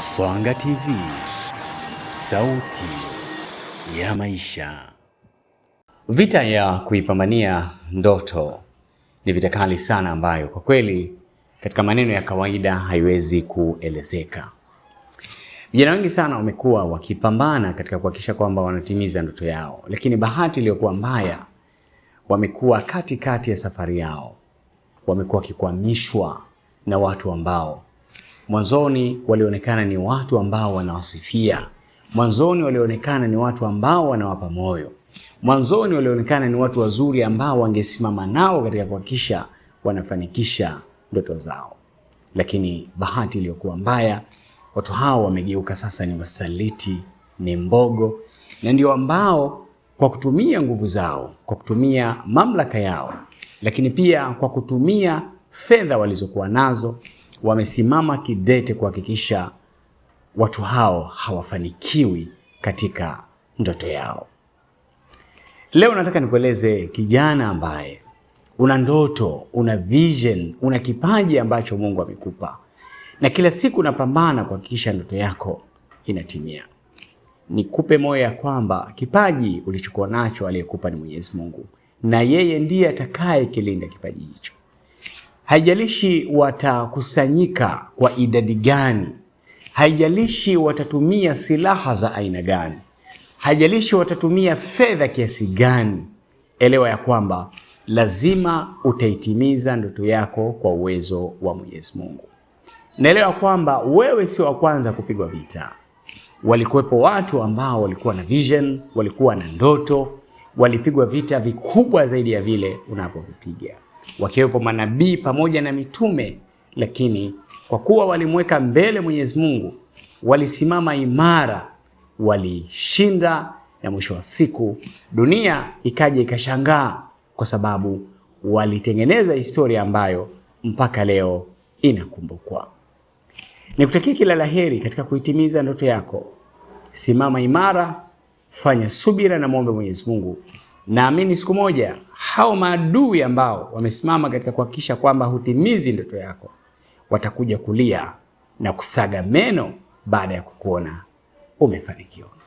Swanga TV, sauti ya maisha. Vita ya kuipambania ndoto ni vita kali sana, ambayo kwa kweli katika maneno ya kawaida haiwezi kuelezeka. Vijana wengi sana wamekuwa wakipambana katika kuhakikisha kwamba wanatimiza ndoto yao, lakini bahati iliyokuwa mbaya, wamekuwa katikati ya safari yao, wamekuwa wakikwamishwa na watu ambao Mwanzoni walionekana ni watu ambao wanawasifia, mwanzoni walionekana ni watu ambao wanawapa moyo, mwanzoni walionekana ni watu wazuri ambao wangesimama nao katika kuhakikisha wanafanikisha ndoto zao, lakini bahati iliyokuwa mbaya, watu hao wamegeuka sasa ni wasaliti, ni mbogo, na ndio ambao kwa kutumia nguvu zao, kwa kutumia mamlaka yao, lakini pia kwa kutumia fedha walizokuwa nazo wamesimama kidete kuhakikisha watu hao hawafanikiwi katika ndoto yao. Leo nataka nikueleze kijana ambaye una ndoto, una vision, una kipaji ambacho Mungu amekupa, na kila siku unapambana kuhakikisha ndoto yako inatimia. Nikupe moyo ya kwamba kipaji ulichokuwa nacho aliyekupa ni Mwenyezi Mungu, na yeye ndiye atakaye kilinda kipaji hicho haijalishi watakusanyika kwa idadi gani, haijalishi watatumia silaha za aina gani, haijalishi watatumia fedha kiasi gani, elewa ya kwamba lazima utaitimiza ndoto yako kwa uwezo wa Mwenyezi Mungu. Naelewa kwamba wewe sio wa kwanza kupigwa vita. Walikuwepo watu ambao walikuwa na vision, walikuwa na ndoto, walipigwa vita vikubwa zaidi ya vile unavyovipiga wakiwepo manabii pamoja na mitume, lakini kwa kuwa walimweka mbele Mwenyezi Mungu, walisimama imara, walishinda, na mwisho wa siku dunia ikaja ikashangaa, kwa sababu walitengeneza historia ambayo mpaka leo inakumbukwa. Nikutakia kila la heri katika kuitimiza ndoto yako. Simama imara, fanya subira na muombe Mwenyezi Mungu. Naamini siku moja hao maadui ambao wamesimama katika kuhakikisha kwamba hutimizi ndoto yako watakuja kulia na kusaga meno baada ya kukuona umefanikiwa.